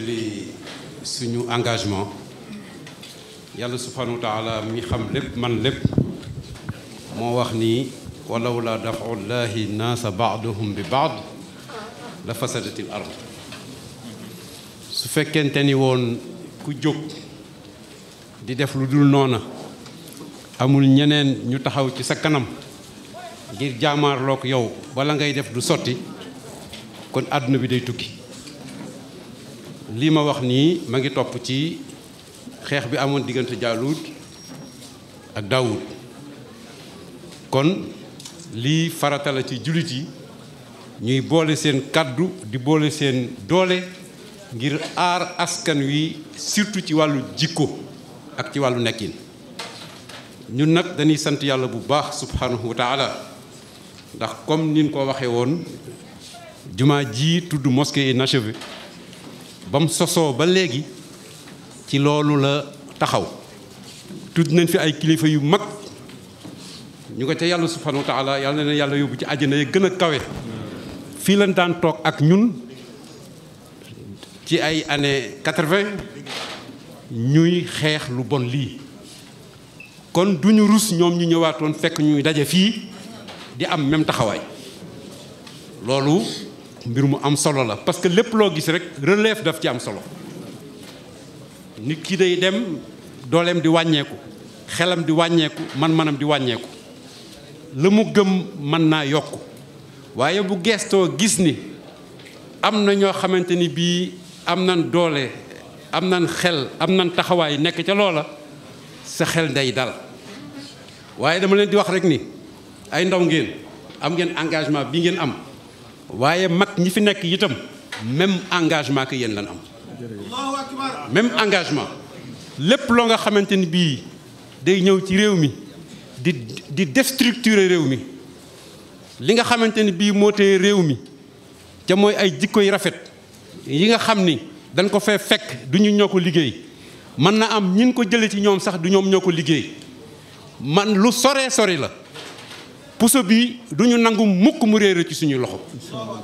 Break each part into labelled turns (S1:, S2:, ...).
S1: li suñu engagement yàlla subhanahu wa taala mi xam lépp man lépp moo wax ni walaw la dafaau llahi naasa baaduhum bi baad la fasadati l su fekkente ni woon ku jóg di def lu dul noona amul ñeneen ñu taxaw ci sa kanam ngir jaamaarlook yow bala ngay def du sotti kon àdduna bi day tukki lii ma wax nii ma ngi topp ci xeex bi amoon diggante Jaaluut ak Daawud kon lii farata la ci jullit yi ñuy boole seen kàddu di boole seen doole ngir aar askan wi surtout ci wàllu jikko ak ci wàllu nekkin ñun nag dañuy sant yàlla bu baax subhanahu ndax comme nin ko waxe woon jumaa ji tudd mosquée inachevée ba mu sosoo ba léegi ci loolu la taxaw tudd nañ fi ay kilifa yu mag ñu ko ca yàlla subhanahu wa taala yàlla na yàlla yóbbu ci àjjana ya gën a kawe fii lañ daan toog ak ñun ci ay année quatre-vingt ñuy xeex lu bon lii kon du ñu rus ñoom ñu ñëwaatoon fekk ñuy daje fii di am même taxawaay loolu mbir mu am solo la parce que lépp loo gis rek releef daf ci am solo nit kii day dem dooleem di wàññeeku xelam di wàññeeku man-manam di wàññeeku la mu gëm mën naa yokk waaye bu geestoo gis ni am na ñoo xamante ni bii am nan doole am nan xel am nan taxawaay nekk ca loola sa xel ndey dal waaye dama leen di wax rek ni ay ndaw ngeen am ngeen engagement bi ngeen am waaye mag ñi fi nekk itam même engagement que yéen lan am même engagement lépp loo nga xamante ni bii day ñëw ci réew mi di di déstructurer réew mi li nga xamante ni bii moo tee réew mi ca mooy ay jikko yu rafet yi nga xam ni dañ ko fee fekk du ñu ñoo ko liggéey mën na am ñin ko jëlee ci ñoom sax du ñoom ñoo ko liggéey man lu sore sori la puso bi du ñu nangu mukk mu réer ci suñu loxo waaw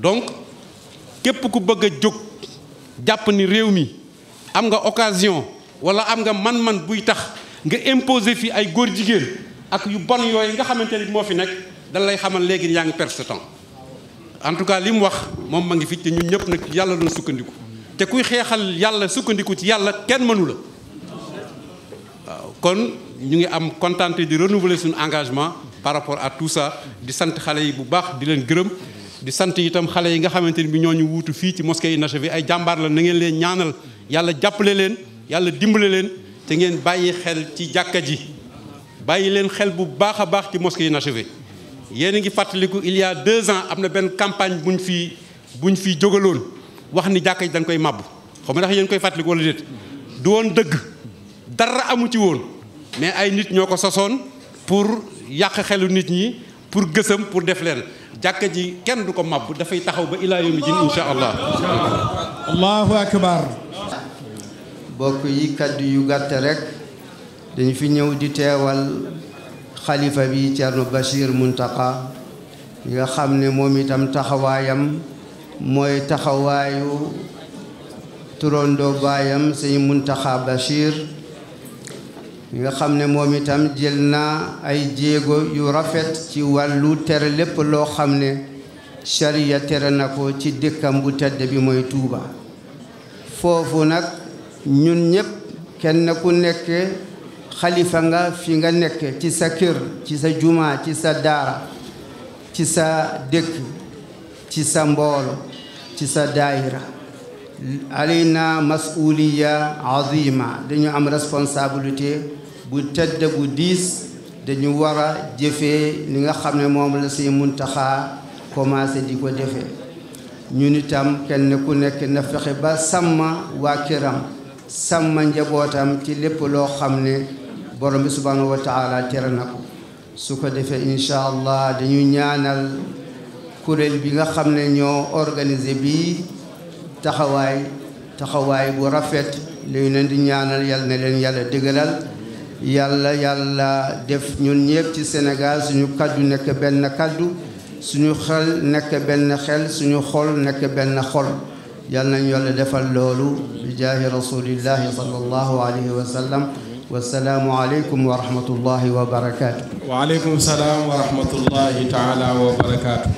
S1: donc képp ku bëgg a jóg jàpp ni réew mi am nga occasion wala am nga man-man buy tax nga imposer fi ay góor jigéen ak yu bon yooyu nga xamante ni moo fi nekk dan lay xamal léegi yaa ngi perdre sa temps en tout cas li mu wax moom ma ngi fi te ñun ñëpp nag yàlla doon sukkandiku te kuy xeexal yàlla sukkandiku ci yàlla kenn mënu la waaw ñu ngi am contenté di renouveler suñu engagement par rapport à tout ça di sant xale yi bu baax di leen gërëm di sant itam xale yi nga xamante ni bi ñoo ñu wuutu fii ci yi mosquée inachevée ay jàmbaar la na ngeen leen ñaanal yàlla jàppale leen yàlla dimbale leen te ngeen bàyyi xel ci jàkka ji bàyyi leen xel bu baax a baax ci moske mosquée inachevée yéen a ngi fàttaliku il y a am na benn campagne buñ fi buñ fi jógaloon wax ni jàkka ji dañ koy màbb xaw ma ndax yéen koy fàttaliku wala dëgg dara amu ci woon mais ay nit ñoo ko sosoon pour yàq xelu nit ñi pour gësëm pour def leen jàkka ji kenn du ko màbb dafay taxaw ba ilaa yawmi din insha allah
S2: akbar bokk yi kaddu yu gàtt rek dañu fi ñëw di teewal xalifa bi Thierno Bachir Muntaka nga xam ne moom itam taxawaayam mooy taxawaayu turandoo baayam sëñ Muntaxa Bachir yi nga xam ne moom itam jël naa ay jéego yu rafet ci wàllu tere lépp loo xam ne sariya tere na ko ci dëkkam bu tedd bi mooy Tuuba foofu nag ñun ñëpp kenn ku nekke xalifa nga fi nga nekk ci sa kër ci sa jumaa ci sa daara ci sa dëkk ci sa mboolo ci sa daayira aleyna masuliya azima dañu am responsabilité bu tedd bu diis dañu war a jëfee li nga xam ne moom la si mun muntaxaa commencé di ko defee ñun itam kenn ku nekk na fexe ba sàmm waa këram sàmm njabootam ci lépp loo xam ne borom bi subhaanahu wa taala tere na ko su ko defee incha allah dañu ñaanal kuréel bi nga xam ne ñoo organisé bi taxawaay taxawaay bu rafet lañu leen di ñaanal yàlla na leen yàlla dëgëral yàlla yàlla def ñun ñëpp ci Sénégal suñu kaddu nekk benn kaddu suñu xel nekk benn xel suñu xol nekk benn xol yàlla nañu yàlla defal loolu bi jaahi rasulillahi sallallahu alayhi wa sallam wasalaamu aleykum wa rahmatullahi wa barakaatu. waaleykum salaam wa rahmatullahi taala wa barakaatu.